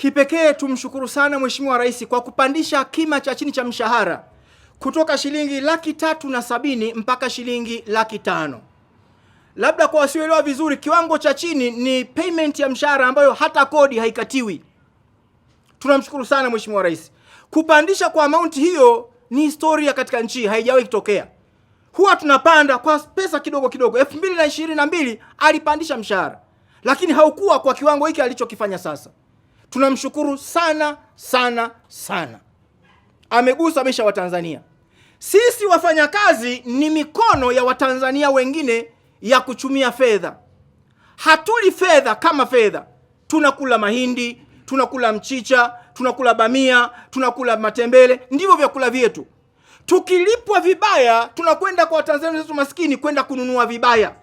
Kipekee tumshukuru sana Mheshimiwa Rais kwa kupandisha kima cha chini cha mshahara kutoka shilingi laki tatu na sabini mpaka shilingi laki tano. Labda kwa wasioelewa vizuri, kiwango cha chini ni payment ya mshahara ambayo hata kodi haikatiwi. Tunamshukuru sana Mheshimiwa Rais. Kupandisha kwa amount hiyo ni historia katika nchi, haijawahi kutokea. Huwa tunapanda kwa pesa kidogo kidogo. elfu mbili na ishirini na mbili alipandisha mshahara, lakini haukuwa kwa kiwango hiki alichokifanya sasa tunamshukuru sana sana sana. Amegusa maisha Watanzania. Sisi wafanyakazi ni mikono ya Watanzania wengine ya kuchumia fedha. Hatuli fedha kama fedha, tunakula mahindi, tunakula mchicha, tunakula bamia, tunakula matembele, ndivyo vyakula vyetu. Tukilipwa vibaya, tunakwenda kwa Watanzania wenzetu maskini kwenda kununua vibaya.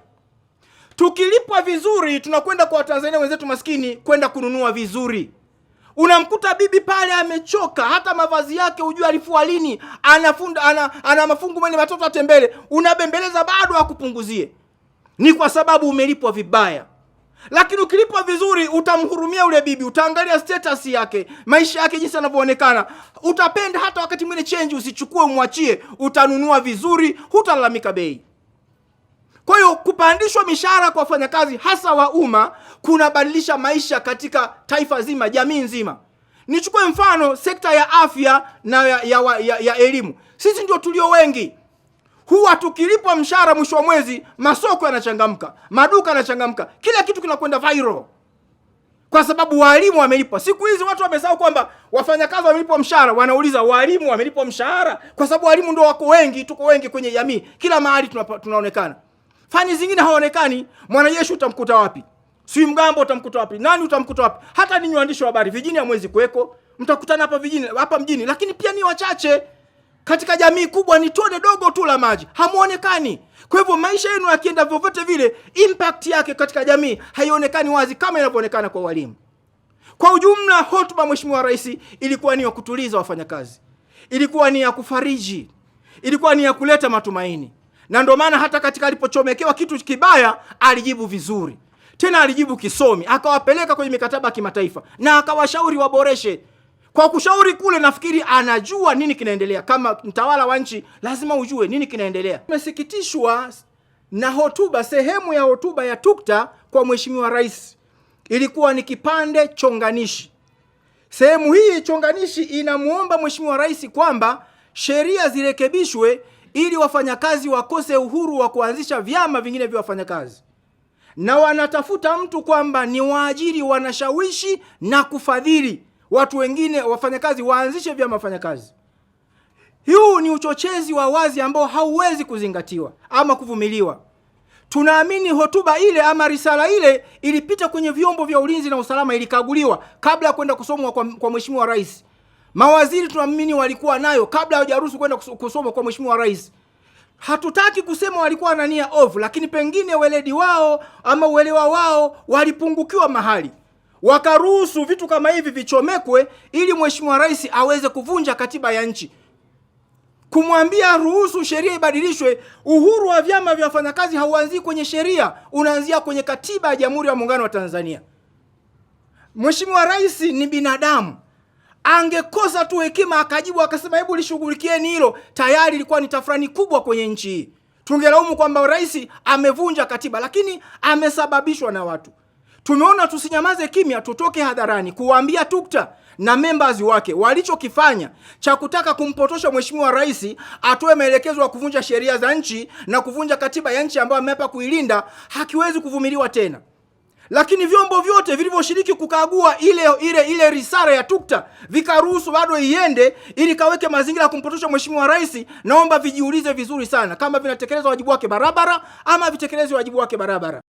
Tukilipwa vizuri, tunakwenda kwa Watanzania wenzetu maskini kwenda kununua vizuri. Unamkuta bibi pale amechoka, hata mavazi yake hujua alifua lini, anafunda ana, ana mafungu mene matoto atembele, unabembeleza bado akupunguzie. Ni kwa sababu umelipwa vibaya. Lakini ukilipwa vizuri, utamhurumia ule bibi, utaangalia status yake, maisha yake, jinsi yanavyoonekana, utapenda. Hata wakati mwingine change usichukue, umwachie, utanunua vizuri, hutalalamika bei. Kwa hiyo kupandishwa mishahara kwa wafanyakazi hasa wa umma kunabadilisha maisha katika taifa zima, jamii nzima. Nichukue mfano sekta ya afya na ya, ya, ya, ya elimu. Sisi ndio tulio wengi, huwa tukilipwa mshahara mwisho wa mwezi, masoko yanachangamka, maduka yanachangamka, kila kitu kinakwenda viral kwa sababu walimu wamelipwa. Siku hizi watu wamesahau kwamba wafanyakazi wamelipwa mshahara, wanauliza walimu wamelipwa mshahara, kwa sababu walimu ndio wako wengi, tuko wengi kwenye jamii, kila mahali tunaonekana fani zingine haonekani. Mwanajeshi utamkuta wapi? Si mgambo utamkuta wapi? Nani utamkuta wapi? Hata ninyi waandishi wa habari vijini hamwezi kuweko, mtakutana hapa vijini hapa mjini, lakini pia ni wachache katika jamii kubwa ni tone dogo tu la maji, hamuonekani. Kwa hivyo maisha yenu yakienda vyovyote vile, impact yake katika jamii haionekani wazi kama inavyoonekana kwa walimu. Kwa ujumla, hotuba Mheshimiwa Rais ilikuwa ni ya kutuliza wafanyakazi, ilikuwa ni ya kufariji, ilikuwa ni ya kuleta matumaini na ndio maana hata katika alipochomekewa kitu kibaya alijibu vizuri, tena alijibu kisomi, akawapeleka kwenye mikataba ya kimataifa na akawashauri waboreshe. Kwa kushauri kule, nafikiri anajua nini kinaendelea. Kama mtawala wa nchi, lazima ujue nini kinaendelea. umesikitishwa na hotuba, sehemu ya hotuba ya Tukta kwa Mheshimiwa Rais ilikuwa ni kipande chonganishi. Sehemu hii chonganishi inamwomba Mheshimiwa Rais kwamba sheria zirekebishwe ili wafanyakazi wakose uhuru wa kuanzisha vyama vingine vya wafanyakazi, na wanatafuta mtu kwamba ni waajiri wanashawishi na kufadhili watu wengine wafanyakazi waanzishe vyama wafanyakazi. Huu ni uchochezi wa wazi ambao hauwezi kuzingatiwa ama kuvumiliwa. Tunaamini hotuba ile ama risala ile ilipita kwenye vyombo vya ulinzi na usalama, ilikaguliwa kabla ya kwenda kusomwa kwa, kwa Mheshimiwa Rais Mawaziri tunaamini walikuwa nayo kabla hawajaruhusu kwenda kusoma kwa mheshimiwa rais. Hatutaki kusema walikuwa na nia ovu, lakini pengine weledi wao ama uelewa wao walipungukiwa mahali, wakaruhusu vitu kama hivi vichomekwe ili mheshimiwa rais aweze kuvunja katiba ya nchi, kumwambia ruhusu sheria ibadilishwe. Uhuru wa vyama vya wafanyakazi hauanzii kwenye sheria, unaanzia kwenye katiba ya Jamhuri ya Muungano wa Tanzania. Mheshimiwa rais ni binadamu angekosa tu hekima akajibu akasema hebu lishughulikieni hilo, tayari ilikuwa ni tafrani kubwa kwenye nchi hii. Tungelaumu kwamba rais amevunja katiba, lakini amesababishwa na watu. Tumeona tusinyamaze kimya, tutoke hadharani kuwaambia tukta na members wake walichokifanya cha kutaka kumpotosha mheshimiwa rais atoe maelekezo ya kuvunja sheria za nchi na kuvunja katiba ya nchi ambayo ameapa kuilinda hakiwezi kuvumiliwa tena lakini vyombo vyote vilivyoshiriki kukagua ile ile ile risala ya tukta vikaruhusu bado iende ili kaweke mazingira ya kumpotosha mheshimiwa rais, naomba vijiulize vizuri sana kama vinatekeleza wajibu wake barabara ama vitekelezi wajibu wake barabara.